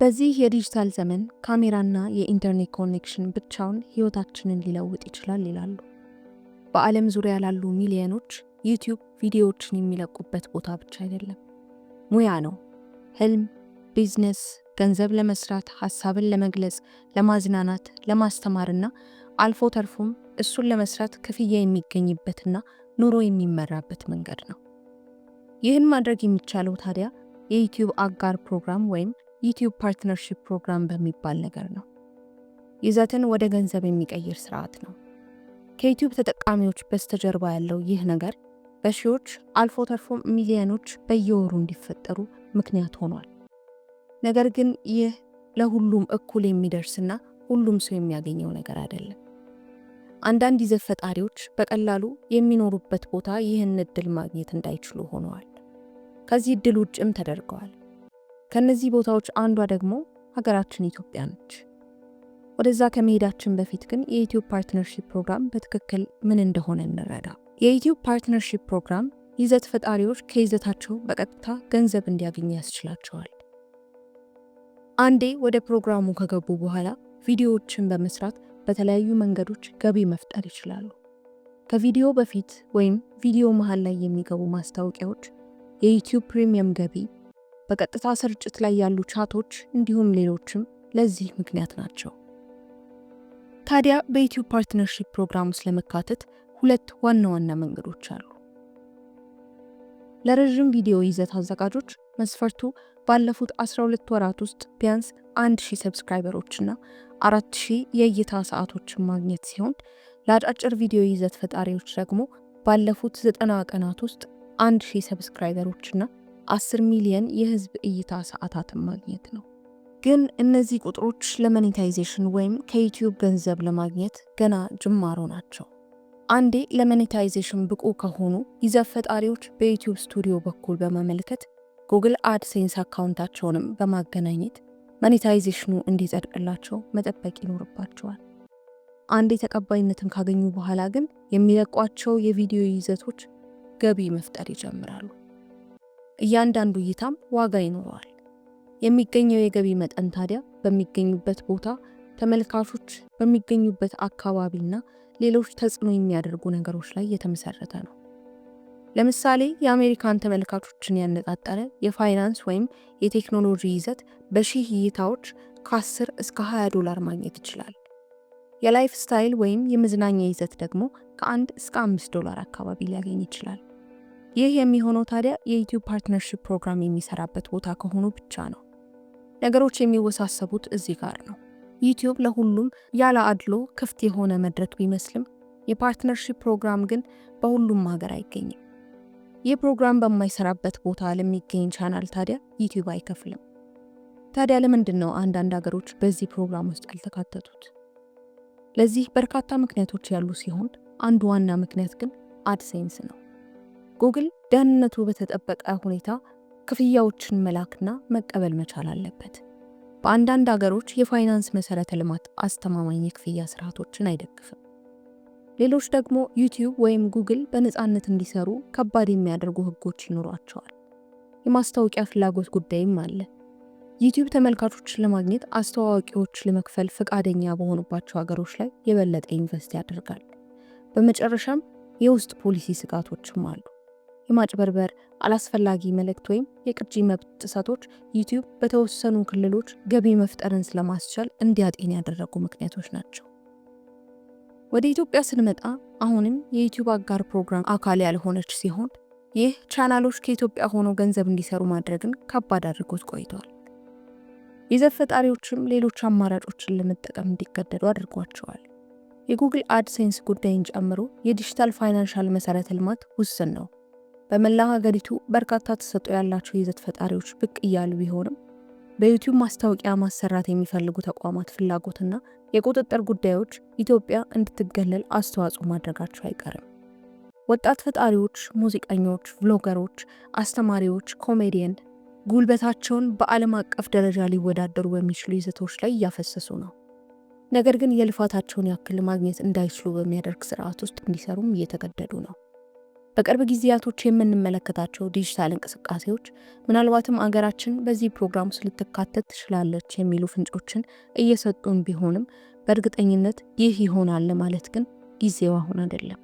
በዚህ የዲጂታል ዘመን ካሜራና የኢንተርኔት ኮኔክሽን ብቻውን ህይወታችንን ሊለውጥ ይችላል ይላሉ። በዓለም ዙሪያ ላሉ ሚሊዮኖች ዩቲዩብ ቪዲዮዎችን የሚለቁበት ቦታ ብቻ አይደለም፣ ሙያ ነው። ህልም፣ ቢዝነስ፣ ገንዘብ ለመስራት፣ ሀሳብን ለመግለጽ፣ ለማዝናናት፣ ለማስተማርና አልፎ ተርፎም እሱን ለመስራት ክፍያ የሚገኝበትና ኑሮ የሚመራበት መንገድ ነው። ይህን ማድረግ የሚቻለው ታዲያ የዩቲዩብ አጋር ፕሮግራም ወይም ዩቲዩብ ፓርትነርሽፕ ፕሮግራም በሚባል ነገር ነው። ይዘትን ወደ ገንዘብ የሚቀይር ስርዓት ነው። ከዩቲዩብ ተጠቃሚዎች በስተጀርባ ያለው ይህ ነገር በሺዎች አልፎ ተርፎ ሚሊዮኖች በየወሩ እንዲፈጠሩ ምክንያት ሆኗል። ነገር ግን ይህ ለሁሉም እኩል የሚደርስና ሁሉም ሰው የሚያገኘው ነገር አይደለም። አንዳንድ ይዘት ፈጣሪዎች በቀላሉ የሚኖሩበት ቦታ ይህን እድል ማግኘት እንዳይችሉ ሆነዋል። ከዚህ እድል ውጭም ተደርገዋል። ከነዚህ ቦታዎች አንዷ ደግሞ ሀገራችን ኢትዮጵያ ነች። ወደዛ ከመሄዳችን በፊት ግን የኢትዮ ፓርትነርሺፕ ፕሮግራም በትክክል ምን እንደሆነ እንረዳ። የኢትዮ ፓርትነርሺፕ ፕሮግራም ይዘት ፈጣሪዎች ከይዘታቸው በቀጥታ ገንዘብ እንዲያገኙ ያስችላቸዋል። አንዴ ወደ ፕሮግራሙ ከገቡ በኋላ ቪዲዮዎችን በመስራት በተለያዩ መንገዶች ገቢ መፍጠር ይችላሉ። ከቪዲዮ በፊት ወይም ቪዲዮ መሃል ላይ የሚገቡ ማስታወቂያዎች የዩትዩብ ፕሪሚየም ገቢ በቀጥታ ስርጭት ላይ ያሉ ቻቶች እንዲሁም ሌሎችም ለዚህ ምክንያት ናቸው። ታዲያ በኢትዮ ፓርትነርሺፕ ፕሮግራም ውስጥ ለመካተት ሁለት ዋና ዋና መንገዶች አሉ። ለረዥም ቪዲዮ ይዘት አዘጋጆች መስፈርቱ ባለፉት 12 ወራት ውስጥ ቢያንስ 1000 ሰብስክራይበሮችና 4000 የእይታ ሰዓቶችን ማግኘት ሲሆን ለአጫጭር ቪዲዮ ይዘት ፈጣሪዎች ደግሞ ባለፉት 90 ቀናት ውስጥ 1000 ሰብስክራይበሮችና 10 ሚሊየን የህዝብ እይታ ሰዓታትን ማግኘት ነው። ግን እነዚህ ቁጥሮች ለሞኔታይዜሽን ወይም ከዩቲዩብ ገንዘብ ለማግኘት ገና ጅማሮ ናቸው። አንዴ ለሞኔታይዜሽን ብቁ ከሆኑ ይዘት ፈጣሪዎች በዩቲዩብ ስቱዲዮ በኩል በመመልከት ጉግል አድሴንስ አካውንታቸውንም በማገናኘት ሞኔታይዜሽኑ እንዲጸድቅላቸው መጠበቅ ይኖርባቸዋል። አንዴ ተቀባይነትን ካገኙ በኋላ ግን የሚለቋቸው የቪዲዮ ይዘቶች ገቢ መፍጠር ይጀምራሉ። እያንዳንዱ እይታም ዋጋ ይኖረዋል። የሚገኘው የገቢ መጠን ታዲያ በሚገኙበት ቦታ ተመልካቾች በሚገኙበት አካባቢና ሌሎች ተጽዕኖ የሚያደርጉ ነገሮች ላይ የተመሰረተ ነው። ለምሳሌ የአሜሪካን ተመልካቾችን ያነጣጠረ የፋይናንስ ወይም የቴክኖሎጂ ይዘት በሺህ እይታዎች ከ10 እስከ 20 ዶላር ማግኘት ይችላል። የላይፍ ስታይል ወይም የመዝናኛ ይዘት ደግሞ ከ ከ1 እስከ 5 ዶላር አካባቢ ሊያገኝ ይችላል። ይህ የሚሆነው ታዲያ የዩቲዩብ ፓርትነርሺፕ ፕሮግራም የሚሰራበት ቦታ ከሆኑ ብቻ ነው። ነገሮች የሚወሳሰቡት እዚህ ጋር ነው። ዩቲዩብ ለሁሉም ያለ አድሎ ክፍት የሆነ መድረክ ቢመስልም የፓርትነርሺፕ ፕሮግራም ግን በሁሉም ሀገር አይገኝም። ይህ ፕሮግራም በማይሰራበት ቦታ ለሚገኝ ቻናል ታዲያ ዩቲዩብ አይከፍልም። ታዲያ ለምንድን ነው አንዳንድ ሀገሮች በዚህ ፕሮግራም ውስጥ ያልተካተቱት? ለዚህ በርካታ ምክንያቶች ያሉ ሲሆን አንዱ ዋና ምክንያት ግን አድሴንስ ነው። ጉግል ደህንነቱ በተጠበቀ ሁኔታ ክፍያዎችን መላክና መቀበል መቻል አለበት። በአንዳንድ አገሮች የፋይናንስ መሰረተ ልማት አስተማማኝ የክፍያ ስርዓቶችን አይደግፍም። ሌሎች ደግሞ ዩቲዩብ ወይም ጉግል በነፃነት እንዲሰሩ ከባድ የሚያደርጉ ህጎች ይኖሯቸዋል። የማስታወቂያ ፍላጎት ጉዳይም አለ። ዩቲዩብ ተመልካቾችን ለማግኘት አስተዋዋቂዎች ለመክፈል ፈቃደኛ በሆኑባቸው ሀገሮች ላይ የበለጠ ኢንቨስት ያደርጋል። በመጨረሻም የውስጥ ፖሊሲ ስጋቶችም አሉ። የማጭበርበር አላስፈላጊ መልእክት ወይም የቅጂ መብት ጥሰቶች ዩቲዩብ በተወሰኑ ክልሎች ገቢ መፍጠርን ስለማስቻል እንዲያጤን ያደረጉ ምክንያቶች ናቸው። ወደ ኢትዮጵያ ስንመጣ አሁንም የዩቲዩብ አጋር ፕሮግራም አካል ያልሆነች ሲሆን ይህ ቻናሎች ከኢትዮጵያ ሆኖ ገንዘብ እንዲሰሩ ማድረግን ከባድ አድርጎት ቆይተዋል። ይዘት ፈጣሪዎችም ሌሎች አማራጮችን ለመጠቀም እንዲገደዱ አድርጓቸዋል። የጉግል አድሴንስ ጉዳይን ጨምሮ የዲጂታል ፋይናንሻል መሰረተ ልማት ውስን ነው። በመላ ሀገሪቱ በርካታ ተሰጥኦ ያላቸው የይዘት ፈጣሪዎች ብቅ እያሉ ቢሆንም በዩቲዩብ ማስታወቂያ ማሰራት የሚፈልጉ ተቋማት ፍላጎትና የቁጥጥር ጉዳዮች ኢትዮጵያ እንድትገለል አስተዋጽኦ ማድረጋቸው አይቀርም። ወጣት ፈጣሪዎች፣ ሙዚቀኞች፣ ቭሎገሮች፣ አስተማሪዎች፣ ኮሜዲየን ጉልበታቸውን በዓለም አቀፍ ደረጃ ሊወዳደሩ በሚችሉ ይዘቶች ላይ እያፈሰሱ ነው። ነገር ግን የልፋታቸውን ያክል ማግኘት እንዳይችሉ በሚያደርግ ስርዓት ውስጥ እንዲሰሩም እየተገደዱ ነው። በቅርብ ጊዜያቶች የምንመለከታቸው ዲጂታል እንቅስቃሴዎች ምናልባትም አገራችን በዚህ ፕሮግራም ውስጥ ልትካተት ትችላለች የሚሉ ፍንጮችን እየሰጡን ቢሆንም በእርግጠኝነት ይህ ይሆናል ማለት ግን ጊዜው አሁን አይደለም።